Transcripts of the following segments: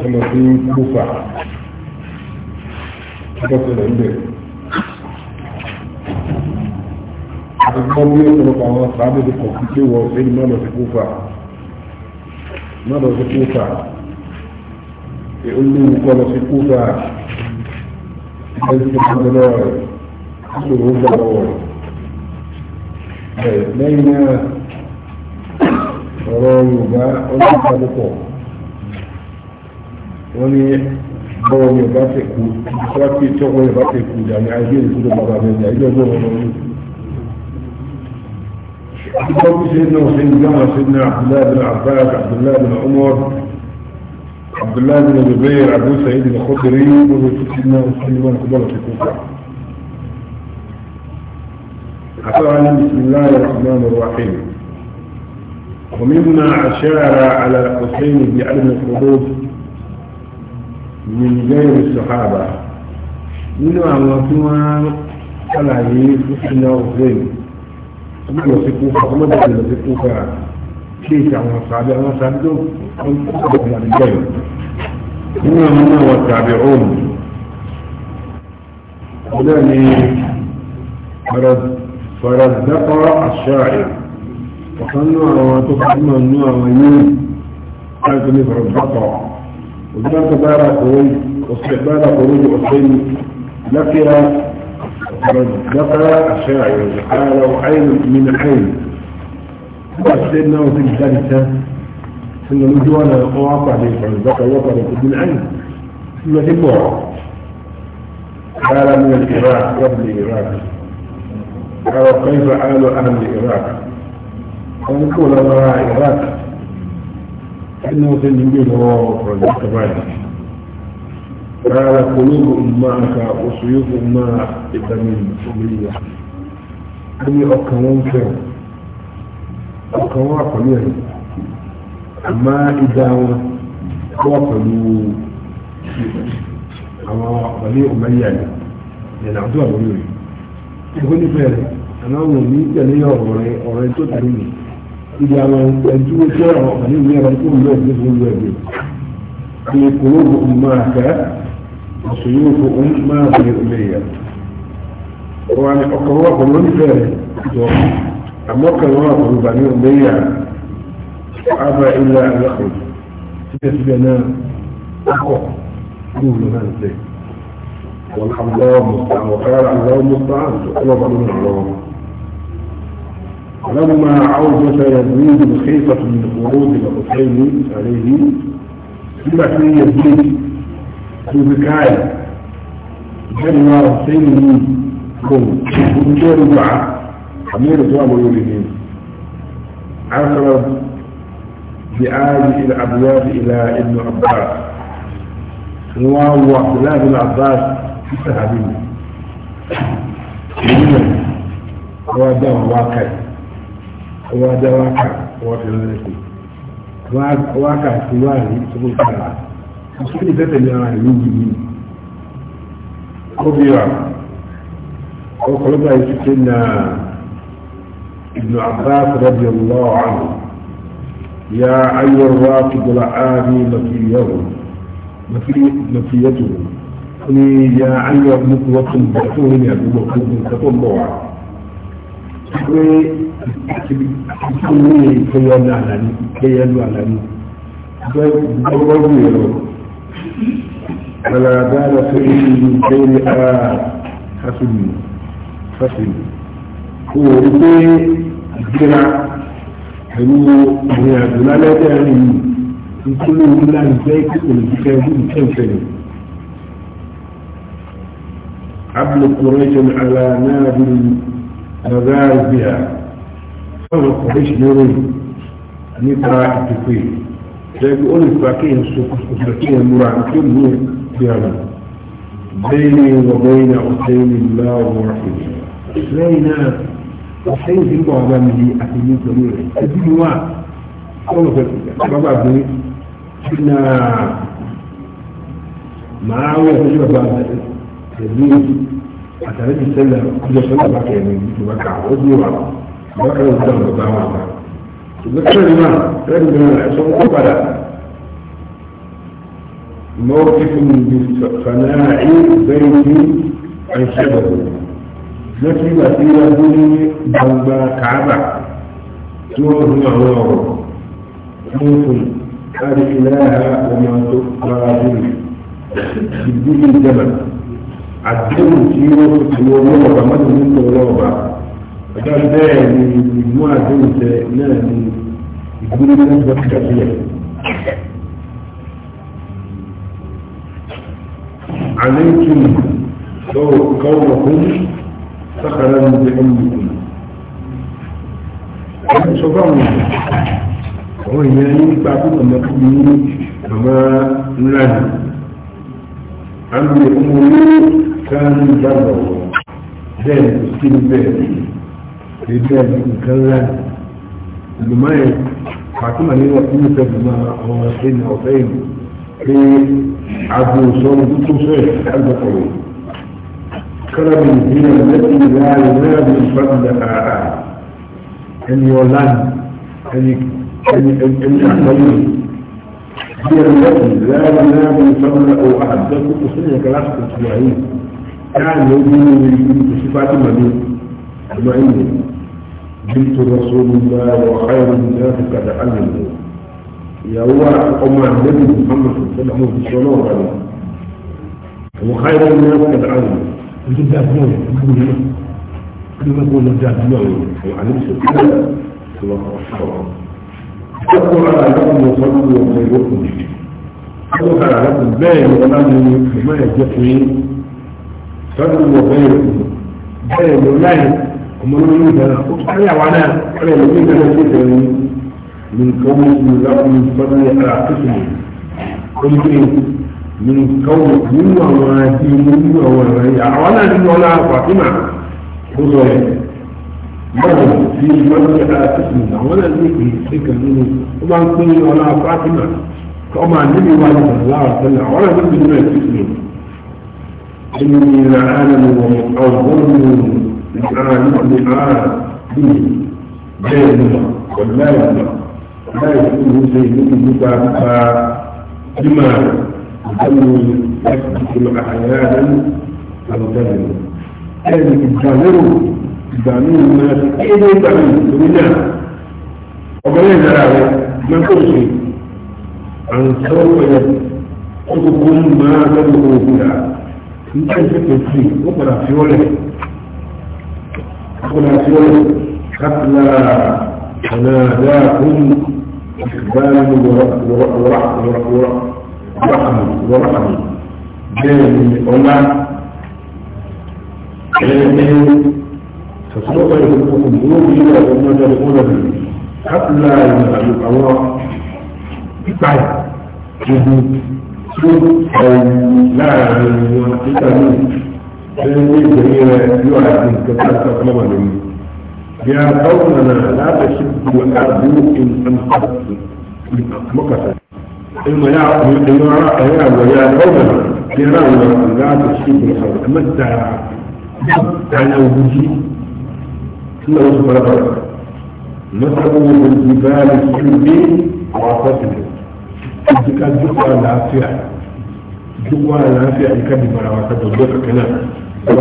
ọmọ tí ń kófà ọjọ́sẹ̀lẹ̀ ń bẹ̀. àtìkọ́ ní ọ̀pọ̀lọpọ̀ àwọn sàábẹ̀ ti kọ̀ sí pé wọ́n ṣe ní mọ́nà sí kófà mọ́nà sí kófà olóòwò kọ́ lọ sí kófà ẹgbẹ́ tó ń lọ rẹ̀ ìṣòro ń gbà lọ́wọ́ rẹ̀ lẹ́yìn náà ọ̀rọ̀ Yorùbá ọlọ́pàá ló pọ̀ wọ́n ní bọ́wọ́ mi ò bá fẹ́ kú ìṣọ́ra pé tí ọkọ yẹn bá fẹ́ kú ìjà ní ayé ìlú tó bàbá mi ìjà ilé ọgbọ́n wọn ní. àtúntò bí ṣe náà ṣe ń dáhà ṣe ní abdullahi bin abbas abdullahi bin umar abdullahi bin zubair abu sa'id bin khudri gbogbo títí náà ṣe ní wọn kó bọ́lá ti kú ká. أقرأني بسم الله الرحمن الرحيم ومما أشار على الحسين بعلم الحدود من غير الصحابة منو عم تقوى على يد سنة وزين ما يسقوا فما بدي يسقوا فا شيء كان صعب أنا صعبته من قبل من غير منو منو والتابعون ولاني فرد فرد ذكر الشاعر وقالوا على ما تفعلوا النوع ويوم قالوا لي فرد وذلك دار قوي واستقبال خروج حسين لقي لقى الشاعر قال عين من عين سيدنا وفي الثالثة ثم نجوا أنا وقع لي فذكر وقع من عين ثم جمعه قال من العراق قبل العراق قال كيف حال أهل العراق قال كل ما العراق kí ni wọ́n ti ní gbé lọ́wọ́ pọ̀lẹ́tì báyìí rárá kolóògù mma aka oṣù yóò mma ìdámi omiya ó ní ọkàn wọn fẹ́ ọkàn wọn àpẹlú ẹ̀ àmá ìdá wọn wọ́n pẹ̀lú àwọn ọ̀pẹ̀lú omiya ni ìlànà àdúrà lórí rẹ̀ ẹ̀kọ́ nífẹ̀ẹ́ rẹ̀ àná wọn ò ní tẹ̀lé ọ̀rọ̀ rẹ̀ ọ̀rẹ́ tó tẹ̀lé nìyí. ibi àwọn ẹ̀dúró jẹ́ àwọn ọ̀kàní ìwé ẹ̀rọ tó ń lọ ìdí tó ń lọ ìdí. Ṣé kòlóògùn òun máa kẹ́ ọ̀sùn yóò fò òun máa bẹ̀rẹ̀ òun ẹ̀yà. Ọ̀wá ni ọkàn wà pẹ̀lú onífẹ́ rẹ̀ jọ àmọ́ kan wà pẹ̀lú bàní òun ẹ̀yà ábà ilẹ̀ alákòó. Síbẹ̀síbẹ̀ náà akọ̀ ní òun náà ń sẹ́. Wọ́n á lọ́wọ́ mọ̀ àwọn ọ̀kadà àwọn mọ̀ لما عوجة يزيد الخيطة من خروج الحسين عليه سمع في يزيد في بكاية جنوى حسين كون ومجير مع أمير أمر اليمين عقرب بآل إلى أبواب إلى ابن عباس وهو عبد ابن بن عباس في السهابين وده واقعي wá dá wákà wọ́n fi rán lẹ́sìn wákà sí wá rí sókò kára kí ni fẹ́ tẹ̀lé ara ìlú yìí ó bí wa ọkọlọ́gbà yìí ti ṣe na ibn abbas radiyallahu anhu ya ayyar rafi dala ari mafiyahu mafiyatu ni ya ayyar mutuwatun da tsohon ya dubo kalbin katon bawa kí ní kéyọ́ ní àlàní kéyọ́ ní àlàní gbọ́gbọ́gbọ́ yẹ̀rọ alága lọ sí ìlú kéyọ́ ara fásitì fásitì kó o rí pé ìgbéra pẹ̀lú ìrìn àjò lálẹ́dẹ́ rìn ìkúlé ńlá ìjẹ́ ìkúlé ìfẹ́ ìlú ìfẹ́ ìfẹ́ عبد قريش على نادي الرغاز بها الله قديش نوري أن يترى التفين زي بيقول الفاكهة السفاكهة المرأة كم هي بيانا بيني وبين أحسين الله ورحمه بينا أحسين في بعض من هي أحسين الزميرة أدين ما أقول فاكهة بابا بني كنا ما هو تجربة بعض الزميرة أتريد السلام أجل سلام بكي من مكة عوضي وعوضي bákan náà dáhùn bàbá wọn àgbà ṣùgbọ́n kí ẹni náà ẹni náà ẹ̀sọ́ ń kó padà موقف بفناء بيتي عن شبكه لكن وسيلة بني بنبا كعبة تور نعور خوف هذه إله وما تبقى به بالدين الجمل عدم سيرو في يوم وما من الله وكان ده من مجموعة دول سائلنا من يكون من الوقت الأخير عليكم قومكم سخرا بأمكم أنا شبعني هو يعني تعبد أن تبني كما نلعب أمر أمور كان جرده ده السلبي dédé nǹkan rẹ̀ ẹ̀dùnmọ́ yẹn fàtúmà ní ọkùnrin ní sẹ́dùnmọ́ àwọn ẹ̀yìn ọ̀fẹ́ yìí pé aago sọ́run tó tó fẹ́ àgbàkọ̀rọ̀ kọ́lábì ìdílé lẹ́sìn ìlà ìlẹ́yà bí ìfàdùn àrà ẹni ọ̀la ẹni ẹni àgbáyé bí ẹni lẹ́sìn ìlà ìlẹ́yà bí ìfàdùn àrà àdẹ́kùn tó sẹ́yìn kẹlásì tó tó wáyé yáà ní ojú ní ìlú tó sí fàtúmà ní àgbáyé جئت رسول الله وخير من ذلك قد علم يا هو أم النبي محمد صلى الله عليه وسلم وخير من ذلك قد علم يجب كل ما يقول الجاد النووي وعلم سبحانه الله أكبر تذكر على لكم وصلوا وخيركم تذكر على لكم باين وغنى ما يجفني صلوا وخيركم باين ولا ọmọ ní ìlú ìdáná ó tún kárí àwa náà kárí ẹ̀mí ní ìdáná sí ìdáná ní nǹkan oṣù lápúlù sọ́dún ní ara àtúntò ó ní pé nǹkan oṣù nínú àwọn àti inú nínú àwọn àrà yìí àwa náà nínú ọlá fàtímà ó sọ ẹ̀ báwo sí ìdáná sí ara àtúntò àwọn náà ní ìpè ṣe kàn nínú ó máa ń pín ọlá fàtímà ọmọ àníbi wa ní ìdáná àtúntò àwọn náà ní ìpè ṣe kàn nínú الآن الآن بين ولا لا يكون شيء متابعة لما يدل يكتب أحيانا الغير هذه الجانب الجانب الناس إذا تعلم بنا وبين ذلك ما كل شيء عن سوف يقول ما تدعو بها من أجل التفسير وقرأ في ولده قبل سورة حتى تناداكم إقبال ورحم ورحم جانب وما جانب فسوف يدخلكم ذنوبي وما تدخل به حتى لا يمسك الله بعد جهود سوء أو لا لأن الجميع يعلم كثرة أغلب مني يا قومنا لا تشدوا أرجوكم أن قتلوا مكسر إما يا إما يا ويا قومنا يرون لا تشدوا الحرب متى متى وجهي ثم يصبر بركة نصبوا بالجبال السلبي وعصبنا إذا كان جوا العافية جوا العافية يكذب على وعصبنا ذلك كلام قد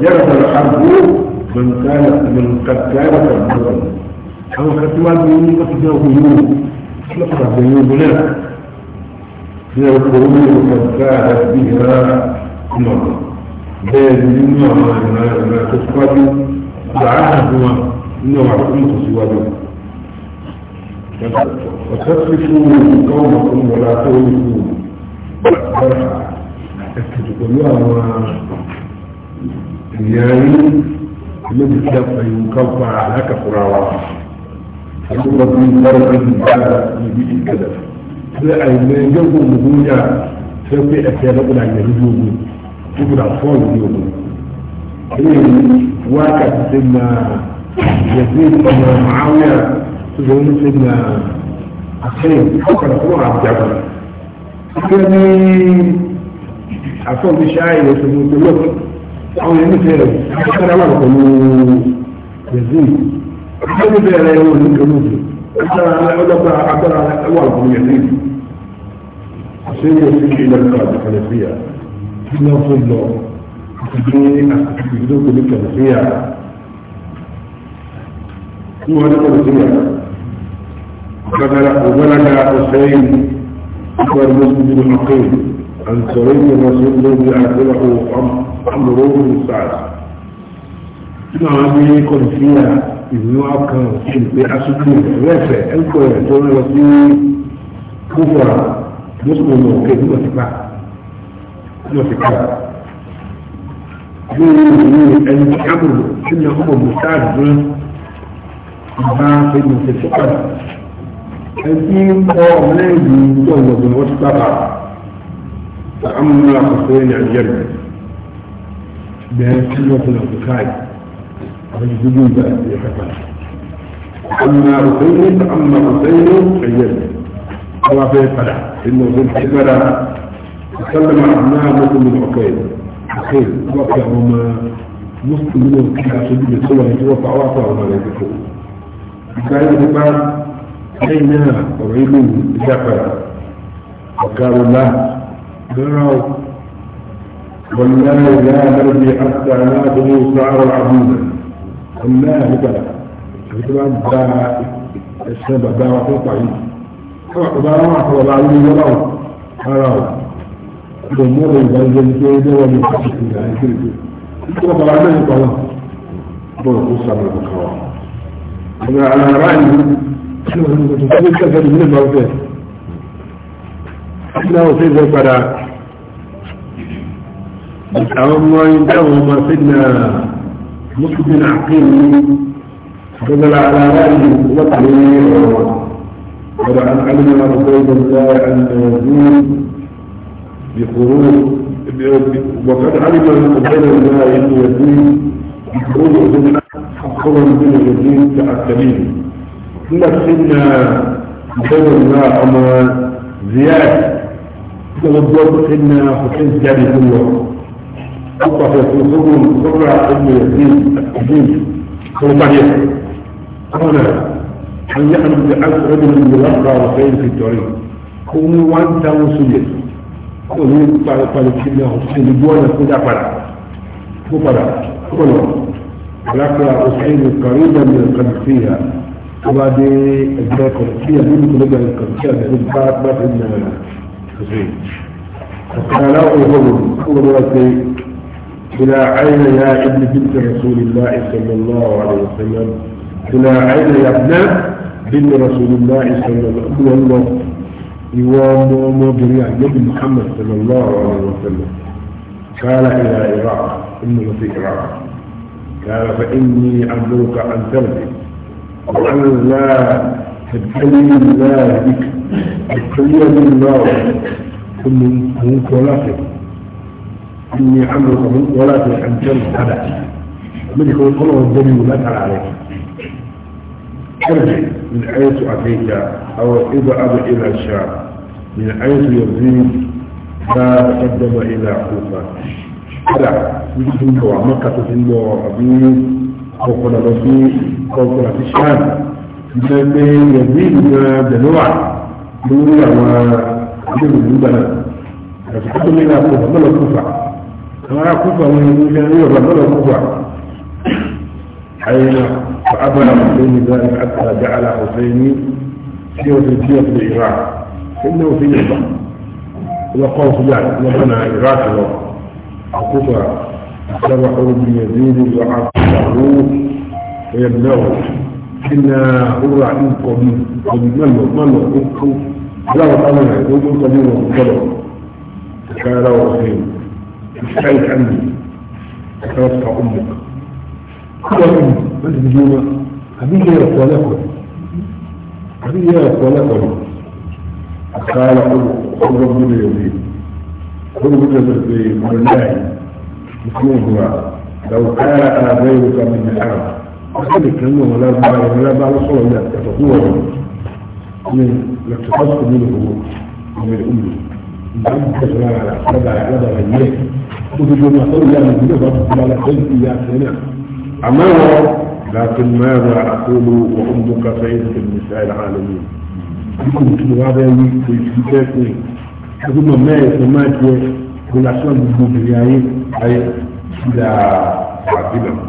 جرت الحرب من كانت من قد كانت الحرب أو كتمان من قصد غيوب بيوم غيوبنا في القرون قد كانت بها أمر بيد مما ما تسقط هو إنه عقمت تسواده وتصفوا قومكم ولا تغلقوا برحة ẹ̀sìn pẹ̀lú àwọn ènìyàn yìí méjì tí a fà yìí ká fà alákàfúra wa ẹ̀kọ́ bá fi bára ẹ̀sìn bára níbi tí kẹlẹ̀ ṣé àìmọ̀ ẹgbẹ́ kò mú kó yà ṣé pé ẹ̀sẹ̀ ẹ̀dọ́gbọ̀n àyẹ̀ lójú ogun tó kò dà fọ́ lójú ogun. Ẹ̀yẹ̀ wákàtí ṣe máa يزيد بن معاوية تزوج سيدنا حسين فكر هو عبد الجبل كان àfọ̀nbí ṣááyé òṣèlú ìpínlẹ̀ àwọn ẹni fẹ́rẹ̀ ṣááyé wà pẹ̀lú brazil ẹni fẹ́rẹ̀ ẹ̀rọ ní kẹlúùtù ọjọ́gbà agbára wà pẹ̀lú brazil àṣeyẹ sí ilẹ̀ nípa àtàkàlẹ̀fíà kí wọ́n fún lọ ìdí àtàkàlẹ̀fíà ní kẹlẹ̀fíà kí wọ́n ní kẹlẹ̀fíà وبلغ حسين أكبر مسلم بن عقيل عن سعيد المسعود يعتبره عمرو بن سعد نعم يكون فيها ابن أبكر في أسدين رافع الكوية دون وسيل كفر مسلم وكيف وثقة وثقة أن يعمل إن هو مستعد من ما في المتفقة أن يقوم لي بجوة وثقة فأما حسين يعني الجرمي بها كلمة الأفكار رجل بقى في حفاظ أما حسين فأما حسين فيجب هو في الفرع إنه في الفرع تكلم عنا مثل من عقيل عقيل وقعهما نصف منهم كلا سبيل سوى يتوفى وعطى وما يتكون كان هما أين قريب جعفر وقالوا لا والله لا نرجي حتى لا ناخذ شعر العبيد والله بلا الكلام دا السبب دا وفي ضعيف عبارة واحدة بعدين يلاه حرام الأمور يبين كده ويحقق يعني كده طبعا عليه طبعا دور قصة من القرآن أنا على رأيي شو هو اللي كذا من الموضوع أنه في الزفراء أما ما سنة مكبن عقيم فضل على رأيه وطريره ورعا علم رسول الله أن يزيد بخروج وقد علم رسول الله أن يزيد بخروج سنة أخرى من يزيد تاع الكبير كل سنة مكبن الله أما زياد وجود إن حسين جاري كل يوم أطلق يسوسهم صبر ابن يزيد الحديد وطهير قال هل يعلم بعز رجل يلقى رفعين في التعريف كونوا وانت وسجد ومن بعد قال سيدنا حسين جوانا كذا فرع وفرع كله لقى حسين قريبا من القلب فيها وبعد ذلك فيها منك رجع القلب فيها بإذن بعد ما فسألوهم قدرتي إلى عين يا ابن بنت رسول الله صلى الله عليه وسلم إلى عين يا ابن بنت رسول الله صلى الله عليه وسلم يوم مدري النبي محمد صلى الله عليه وسلم قال إلى إراق إنه في إراق قال فإني أمرك أن ترضي وأن لا تبتلي الله بك من الله كل من ولاتك إني عمرك من ولاتك عن جنة هدى منك والقمر والدليل لا ترى عليك ارجع من حيث أتيك أو إذا اذهب إلى الشعب من حيث يرضيك ما تقدم إلى حوفة هدى يجب ومكة تنبو وعبيد أو قنبسي أو قنبسي الشام بما يزيد ما دلوعك lórí àwọn àdéhùn nígbà náà àti tó ní ìlà kúfà mọ́lọ̀ kúfà àwọn ará kúfà wọn ni wọ́n ṣe ní ọ̀gá mọ́lọ̀ kúfà àyìnà fàábàlà hùsẹ́ni dáadáa àti àjáàlà hùsẹ́ni tí ó ti tí ó ti ìrà ẹni ó fi yẹ̀bà wọ́n kọ́ sí yà wọ́n bá na ìrà ti lọ àkúfà sábà ọ̀rọ̀ bí yẹn ní ìlú àkúfà lóò ẹ̀yẹ̀ náà ina wúra ní kọ̀bí kọ̀bí mẹ́lọ mẹ́lọ ó kú aláwọ̀ táwọn ẹ̀rọ tó ń kọ̀bí wọn gbọ́dọ̀ ẹ̀ka ara wọn ṣe ìṣẹ́ ìkànnì ẹ̀ka ọ̀sà ọmọ kúrò ní láti fi gbóná àbí ilé ẹ̀kọ́ lẹ́kọ̀ọ́ àbí ilé ẹ̀kọ́ lẹ́kọ̀ọ́ ẹ̀ka ara ọgbọ́n mi lè rí kúrò ní lọ́sẹ̀ pé mọ̀lẹ́yìn ìfúnwòrán لو كان آبيك من العرب أحد أنه لا بعض ولا بعض صلى الله تتطور من الاقتصاد منه ومن أمه بعد كسر على أخرج على أخرج على الناس وفي يوم يقول يا من يضرب على خلق يا سنة أما لكن ماذا أقول وأمك سيدة النساء العالمين يكون كل هذا في شبكاتي ثم ما يسمى كل عشان بالدنيا أي إلى عبدالله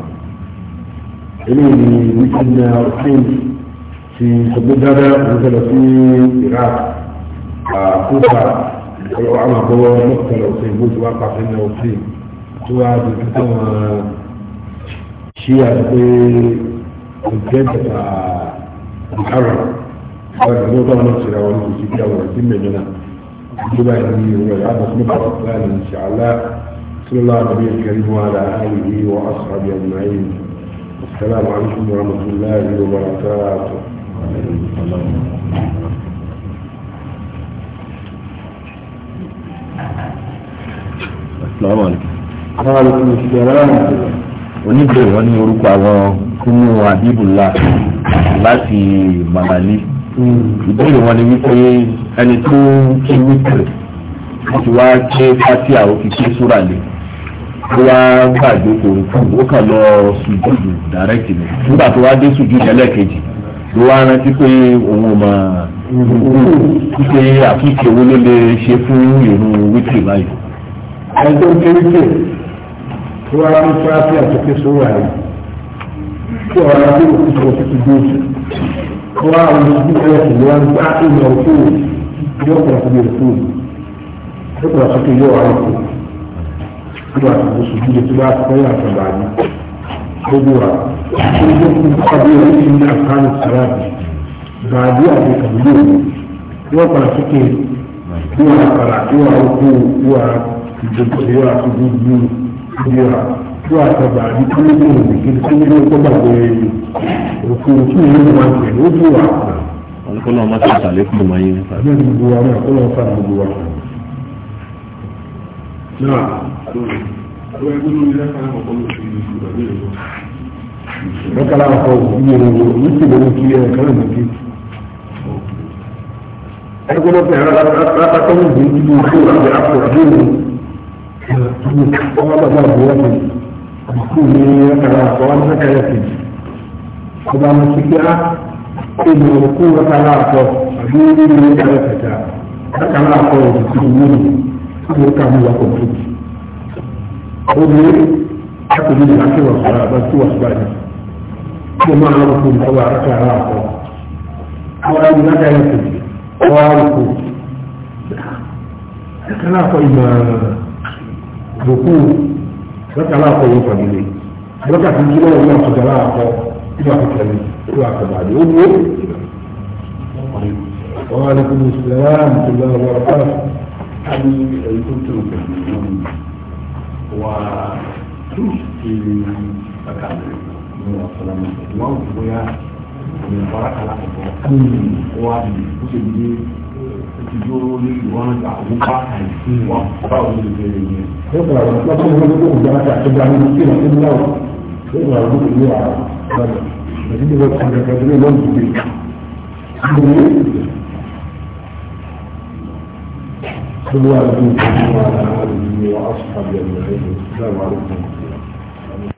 إليه مثل رحيم في حب هذا مثل في كوفا كوفة وعمى هو مقتل وسيم موت واقع سيدنا وسيم سواء بالكتاب شيعة في الجنة محرم فالموضوع نفسي لو أنه سيدنا ورسيم جنا جبا يهدي هو العبس مقرأ الثاني إن شاء الله صلى الله عليه الكريم وعلى آله وأصحابه أجمعين السلام عليكم ورحمة الله وبركاته السلام عليكم وعليكم السلام oníbèrè wọn ní orúkọ àwọn kúnú abibulá láti màmàlí hmm. ìbéèrè wọn ni wípé ẹni tó kí wípé wọn ti wá ké fatia ó súrà lé ó wá gbàgbé kòròkù ó kàn lọ sùjúdù dàrẹ́kì ni nígbà tó wá dé sùjúdù ẹlẹ́ẹ̀kejì ló wá rántí pé òun ò mọ̀ pípé àtúnṣe owó ló lè ṣe fún ìrun wíkì báyìí. ẹjọ́ kéríkè tó wá ní fúrásì àtúnṣe sówó àyè tí ọ̀rọ̀ ajé òkú sọ̀rọ̀ títí dóòtù tó wá àwọn ojú ẹ̀rọ ìlú wọn gbá ìmọ̀ òkú yóò pọ̀ sí òkú yóò pọ̀ sí yóò wá òkú zuwa su da su ba su kai a sabani abubuwa sun zo kun kwabi wa cikin da alfanu sarabi ba biya da kabilu yau ba suke yiwa karatu wa uku wa jinkuri wa su biyu yiwa yiwa sabani kuma yi ne bikin sun yi ko ba da yi rukun su yi ne ma ke rufu wa wani kọlọ ọmọ tí a tà lẹkùn ọmọ yìí nípa. ní ìdíwọ́ náà kọlọ ọmọ fún àdúgbò wa. náà lórí àwọn ẹgbẹ́ lórí lẹ́kàlá ọ̀pọ̀ lórí ìgbà lórí ìgbà lẹ́kàlá ọ̀pọ̀ ìyẹ̀wò ní ti lórí kí ẹ̀ kẹ́rẹ̀ mú kí ẹgbẹ́ lọ́pẹ̀ rápátá ní ìdí ìdí ìṣó àti àpò àdéhùn ọmọ bàbá àbúrò ọ̀pọ̀ àbùkù ní lẹ́kàlá ọ̀pọ̀ wọn lẹ́kàlá kejì ọba mo ti kí á ebi òkú lẹ́kàlá ọ̀pọ̀ àbí ní lẹ́kàlá kẹta lẹ́kàlá ọ̀pọ̀ òkú ìlú ìlú ìlú ìlú ìlú أقول حتى يجب أن توصل بس توصل بعد وما عرفوا الهواء ركع راسه وأن لا يكتب وعرفوا ركع راسه إما ركوع ركع راسه يوصل إليه ركع في الجنة وما ركع راسه إلى حكمه إلى حكمه أمه وعليكم السلام ورحمة الله وبركاته حبيبي أيكم تنكر وتشكي فكامل وسلام ويا من فرق على وادي وسيدي ìjóró ní ìwọ́n àgbà òkúta wà báwo ló ṣe lè yẹ. ó bá àwọn ọlọ́pàá tó ń gbé òkúta àti àtúgbà ní kí wọ́n ti ń dáwọ́ ó bá àwọn olùkọ́ yóò àwọn ọ̀dọ́ èyí ni wọ́n ti ń gbẹ̀gbẹ̀ ní ìwọ́n ìdílé. Gbogbo àwọn olùkọ́ yóò àwọn ọ̀dọ́. وأصحاب أجمعين السلام عليكم